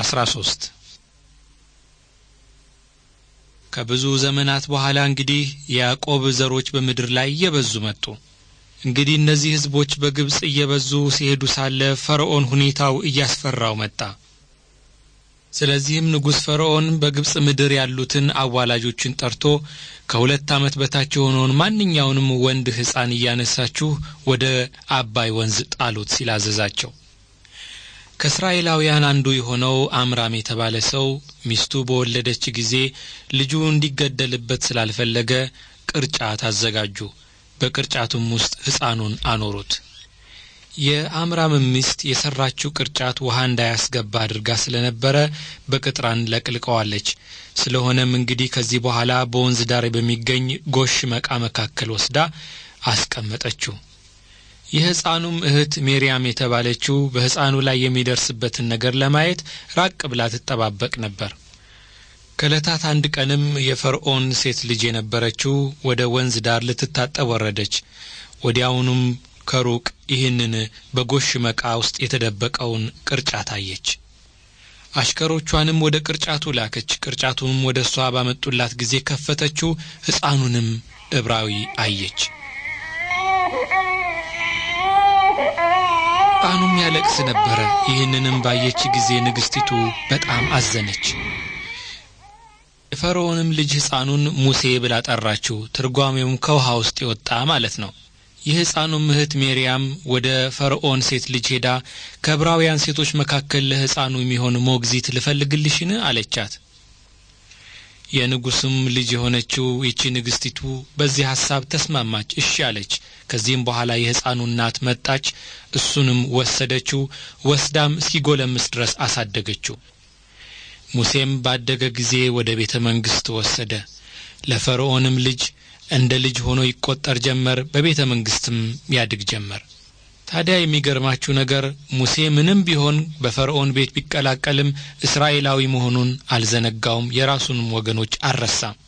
አስራ ሶስት ከብዙ ዘመናት በኋላ እንግዲህ የያዕቆብ ዘሮች በምድር ላይ እየበዙ መጡ። እንግዲህ እነዚህ ሕዝቦች በግብፅ እየበዙ ሲሄዱ ሳለ ፈርዖን ሁኔታው እያስፈራው መጣ። ስለዚህም ንጉሥ ፈርዖን በግብፅ ምድር ያሉትን አዋላጆችን ጠርቶ ከሁለት ዓመት በታች የሆነውን ማንኛውንም ወንድ ሕፃን እያነሳችሁ ወደ አባይ ወንዝ ጣሉት ሲል አዘዛቸው። ከእስራኤላውያን አንዱ የሆነው አምራም የተባለ ሰው ሚስቱ በወለደች ጊዜ ልጁ እንዲገደልበት ስላልፈለገ ቅርጫት አዘጋጁ። በቅርጫቱም ውስጥ ሕፃኑን አኖሩት። የአምራም ሚስት የሰራችው ቅርጫት ውሃ እንዳያስገባ አድርጋ ስለነበረ በቅጥራን ለቅልቀዋለች። ስለሆነም እንግዲህ ከዚህ በኋላ በወንዝ ዳር በሚገኝ ጎሽ መቃ መካከል ወስዳ አስቀመጠችው። የሕፃኑም እህት ሜርያም የተባለችው በሕፃኑ ላይ የሚደርስበትን ነገር ለማየት ራቅ ብላ ትጠባበቅ ነበር። ከእለታት አንድ ቀንም የፈርዖን ሴት ልጅ የነበረችው ወደ ወንዝ ዳር ልትታጠብ ወረደች። ወዲያውኑም ከሩቅ ይህንን በጎሽ መቃ ውስጥ የተደበቀውን ቅርጫት አየች። አሽከሮቿንም ወደ ቅርጫቱ ላከች። ቅርጫቱንም ወደ እሷ ባመጡላት ጊዜ ከፈተችው፣ ሕፃኑንም ዕብራዊ አየች። ሕፃኑም ያለቅስ ነበረ። ይህንንም ባየች ጊዜ ንግሥቲቱ በጣም አዘነች። የፈርዖንም ልጅ ሕፃኑን ሙሴ ብላ ጠራችው። ትርጓሜውም ከውሃ ውስጥ የወጣ ማለት ነው። የሕፃኑም እህት ሜርያም ወደ ፈርዖን ሴት ልጅ ሄዳ ከዕብራውያን ሴቶች መካከል ለሕፃኑ የሚሆን ሞግዚት ልፈልግልሽን አለቻት። የንጉስም ልጅ የሆነችው ይቺ ንግስቲቱ በዚህ ሐሳብ ተስማማች፣ እሺ አለች። ከዚህም በኋላ የሕፃኑ እናት መጣች፣ እሱንም ወሰደችው፣ ወስዳም ሲጎለምስ ድረስ አሳደገችው። ሙሴም ባደገ ጊዜ ወደ ቤተ መንግሥት ወሰደ። ለፈርዖንም ልጅ እንደ ልጅ ሆኖ ይቆጠር ጀመር። በቤተ መንግሥትም ያድግ ጀመር። ታዲያ የሚገርማችሁ ነገር ሙሴ ምንም ቢሆን በፈርዖን ቤት ቢቀላቀልም እስራኤላዊ መሆኑን አልዘነጋውም፣ የራሱንም ወገኖች አልረሳም።